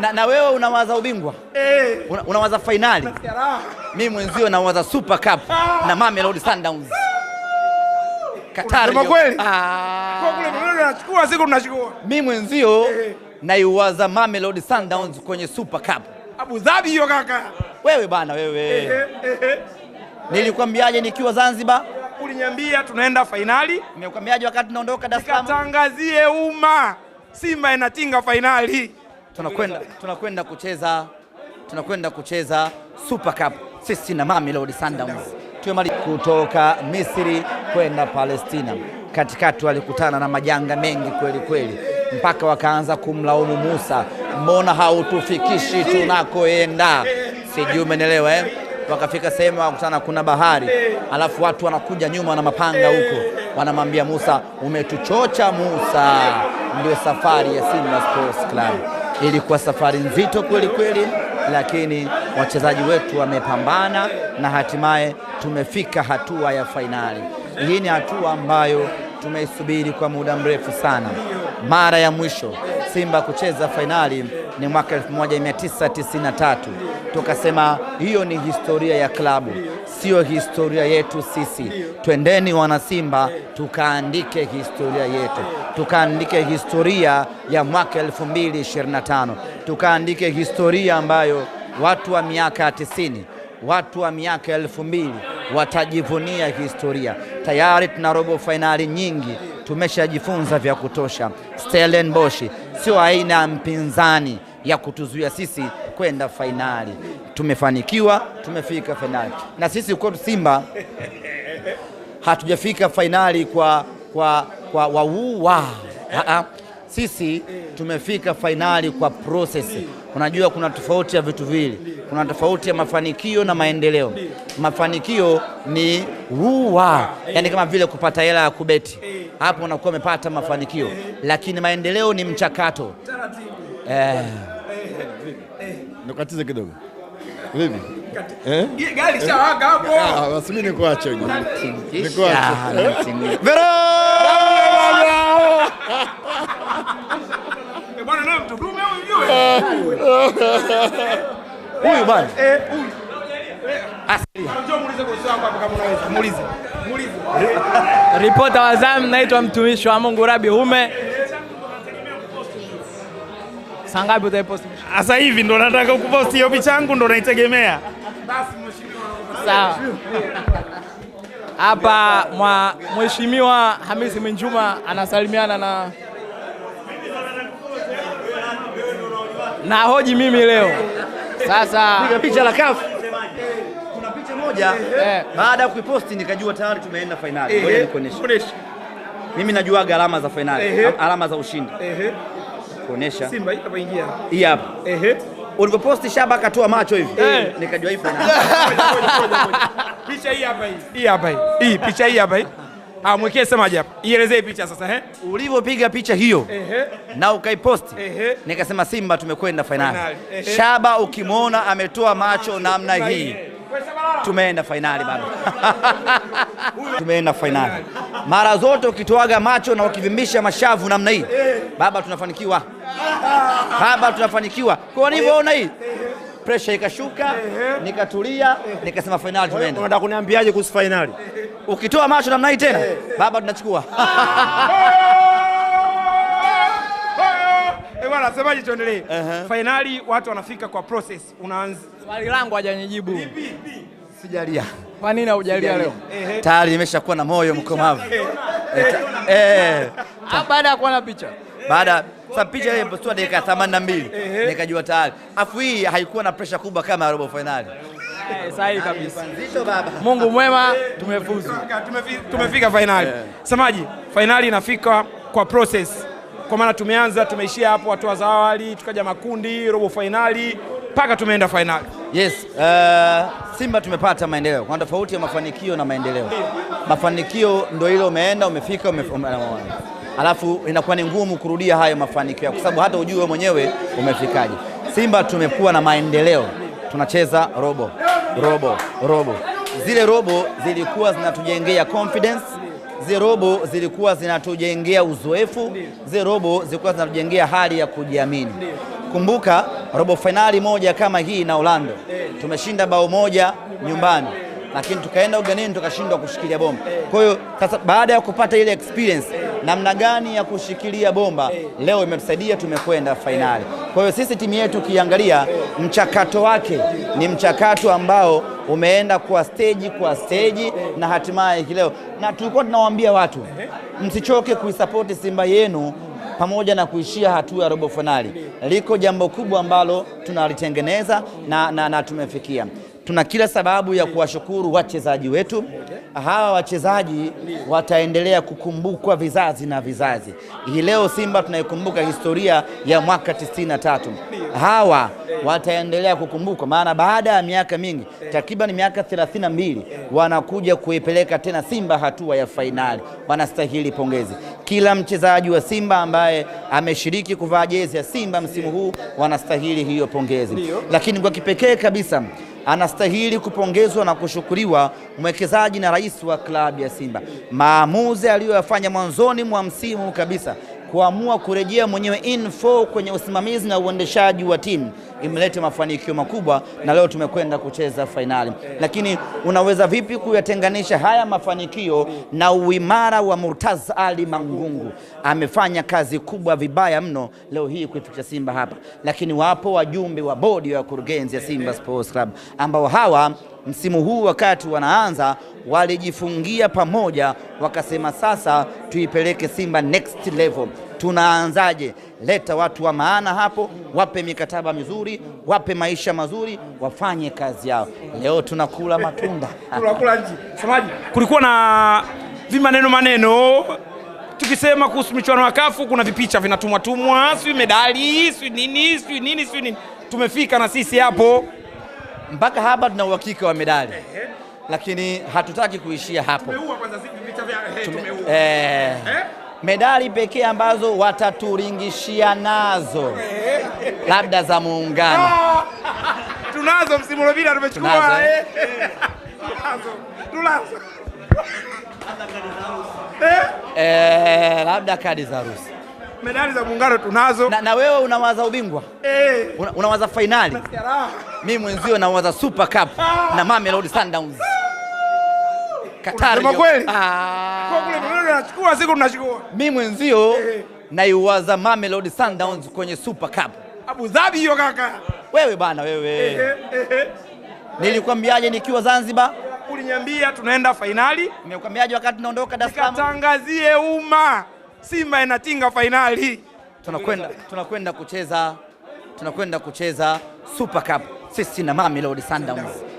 Na, na wewe unawaza ubingwa eh. Una, unawaza fainali mimi mwenzio nawaza Super Cup ah. na Mamelodi Sundowns Katari. Tunachukua ah. siku tunachukua. Mimi mwenzio hey. Eh. Naiwaza Mamelodi Sundowns kwenye Super Cup. Abu Dhabi hiyo kaka. Wewe bana wewe eh, eh, hey. Eh. Nilikwambiaje nikiwa Zanzibar? Uliniambia tunaenda fainali. Nimekwambiaje wakati tunaondoka Dar es Salaam? Tangazie umma Simba inatinga fainali tunakwenda tunakwenda kucheza tunakwenda kucheza Super Cup sisi na Mamelodi Sundowns kutoka Misri kwenda Palestina. Katikati walikutana na majanga mengi kweli kweli, mpaka wakaanza kumlaumu Musa, mbona hautufikishi tunakoenda? Sijui umenelewa eh? Wakafika sehemu wakutana, kuna bahari, alafu watu wanakuja nyuma na mapanga huko, wanamwambia Musa, umetuchocha Musa. Ndio safari ya Simba Sports Club. Ilikuwa safari nzito kweli kweli, lakini wachezaji wetu wamepambana na hatimaye tumefika hatua ya fainali. Hii ni hatua ambayo tumeisubiri kwa muda mrefu sana. Mara ya mwisho Simba kucheza fainali ni mwaka 1993 tukasema hiyo ni historia ya klabu sio historia yetu sisi. Twendeni wanasimba, tukaandike historia yetu, tukaandike historia ya mwaka 2025 tukaandike historia ambayo watu wa miaka ya tisini, watu wa miaka elfu mbili watajivunia historia. Tayari tuna robo fainali nyingi, tumeshajifunza vya kutosha. Stellenbosch sio aina ya mpinzani ya kutuzuia sisi kwenda fainali. Tumefanikiwa, tumefika fainali, na sisi kwetu Simba hatujafika fainali kwa, kwa, kwa wauwa sisi tumefika fainali kwa process. Unajua, kuna tofauti ya vitu viwili, kuna tofauti ya mafanikio na maendeleo. Mafanikio ni ruwa, yani kama vile kupata hela ya kubeti, hapo unakuwa umepata mafanikio, lakini maendeleo ni mchakato eh nikatize kidogo vipi? Eh? Gari shawaka hapo. Ah, basi mimi nikuache huko. Ah, eh, huyu Huyu eh, eh, huyu. Asilia. Ah, Ripota wa zamu, naitwa mtumishi wa Mungu Rabi Hume. Saa ngapi utaipost? Sasa hivi ndo nataka kupost hiyo picha yangu ndo naitegemea. Basi mheshimiwa. Sawa. Hapa mheshimiwa Hamisi Mwinjuma anasalimiana na na hoji mimi leo. Sasa piga picha la kafu. Kuna picha moja eh. baada ya kuiposti nikajua tayari tumeenda finali. Ngoja nikuoneshe. Mimi najua alama za finali, alama za ushindi kuonesha Simba hapa ingia. Hii hapa. Ehe. Ulipoposti Shaba katoa macho hivi. Eh. Nikajua ipo na. Picha hii hapa hii. Hii hapa hii. Hii picha hii hapa hii. Ah, mwekee semaje hapa. Ielezee picha sasa he? Eh. Ulivyopiga picha hiyo. Ehe. Na ukaiposti. Ehe. Nikasema Simba tumekwenda finali. Shaba ukimwona ametoa macho namna hii tumeenda fainali bado tumeenda fainali mara zote, ukitoaga macho na ukivimbisha mashavu namna hii, baba, tunafanikiwa baba, tunafanikiwa. Kwa unaona hii presha ikashuka, nikatulia, nikasema fainali tumeenda. Unataka kuniambiaje kuhusu fainali? Ukitoa macho namna hii tena, baba, tunachukua eh, semaji, tuendelee. Fainali watu wanafika kwa process. Unaanza swali langu hajanijibu. Vipi? Sijalia. Kwa nini haujalia leo? Eh, eh. Tayari nimeshakuwa na moyo mkomavu. Eh. eh. Ah, baada ya kuona picha. Baada sa picha ile ilipotoa dakika 82 nikajua tayari. Afu hii haikuwa na pressure kubwa kama ya robo finali. Sahihi kabisa. Baba. Mungu mwema, tumefuzu. Tumefika finali. Samaji, finali inafika kwa process. Kwa maana tumeanza, tumeishia hapo hatua za awali, tukaja makundi, robo finali, mpaka tumeenda fainali. Yes, uh, Simba tumepata maendeleo. Kuna tofauti ya mafanikio na maendeleo. Mafanikio ndio ile umeenda umefika umef... alafu inakuwa ni ngumu kurudia hayo mafanikio, kwa sababu hata ujue mwenyewe umefikaje. Simba tumekuwa na maendeleo, tunacheza robo robo robo. Zile robo zilikuwa zinatujengea confidence zile robo zilikuwa zinatujengea uzoefu, zile robo zilikuwa zinatujengea hali ya kujiamini. Nakumbuka robo fainali moja kama hii na Orlando tumeshinda bao moja nyumbani, lakini tukaenda ugenini tukashindwa kushikilia bomba. Kwa hiyo sasa, baada ya kupata ile experience namna gani ya kushikilia bomba, leo imetusaidia tumekwenda fainali. Kwa hiyo sisi timu yetu ukiangalia mchakato wake ni mchakato ambao umeenda kwa steji kwa steji na hatimaye leo, na tulikuwa tunawaambia watu msichoke kuisapoti Simba yenu pamoja na kuishia hatua ya robo fainali, liko jambo kubwa ambalo tunalitengeneza na, na, na tumefikia. Tuna kila sababu ya kuwashukuru wachezaji wetu. Hawa wachezaji wataendelea kukumbukwa vizazi na vizazi. Hii leo Simba tunaikumbuka historia ya mwaka 93 hawa wataendelea kukumbukwa, maana baada ya miaka mingi takriban miaka thelathini na mbili wanakuja kuipeleka tena Simba hatua ya fainali. Wanastahili pongezi kila mchezaji wa Simba ambaye ameshiriki kuvaa jezi ya Simba msimu huu, wanastahili hiyo pongezi. Lakini kwa kipekee kabisa anastahili kupongezwa na kushukuriwa mwekezaji na rais wa klabu ya Simba, maamuzi aliyoyafanya mwanzoni mwa msimu kabisa kuamua kurejea mwenyewe info kwenye usimamizi na uendeshaji wa timu imeleta mafanikio makubwa, na leo tumekwenda kucheza fainali. Lakini unaweza vipi kuyatenganisha haya mafanikio na uimara wa Murtaza Ali Mangungu? Amefanya kazi kubwa vibaya mno leo hii kuifikisha Simba hapa, lakini wapo wajumbe wa bodi ya kurugenzi ya Simba Sports Club ambao hawa msimu huu wakati wanaanza walijifungia pamoja, wakasema sasa tuipeleke Simba next level. Tunaanzaje? Leta watu wa maana hapo, wape mikataba mizuri, wape maisha mazuri, wafanye kazi yao. Leo tunakula matunda tunakula nji. Samaji, kulikuwa na vimaneno maneno tukisema kuhusu michuano ya kafu kuna vipicha vinatumwa tumwa, sijui medali, si nini, sijui nini, sijui nini. Tumefika na sisi hapo mpaka hapa tuna uhakika wa medali, lakini hatutaki kuishia hapo. Eh, eh. Eh? medali pekee ambazo wataturingishia nazo labda za muungano ah! tunazo, msimu uliopita tumechukua labda kadi za harusi medali za muungano tunazo. Na, na wewe unawaza ubingwa eh, una, unawaza fainali. Mimi mwenzio nawaza Super Cup ah. na Mamelodi Sundowns. Katari kweli, tunachukua ah. siku tunachukua. Mimi mwenzio eh, eh, naiwaza Mamelodi Sundowns kwenye Super Cup. Abu Dhabi hiyo kaka. Wewe bana wewe eh, eh. eh. eh. Nilikwambiaje nikiwa Zanzibar? Uliniambia tunaenda fainali. Nimekwambiaje wakati tunaondoka Dar es Salaam? Tangazie umma Simba inatinga fainali. Tunakwenda tunakwenda kucheza tunakwenda kucheza Super Cup sisi na Mamelodi Sundowns.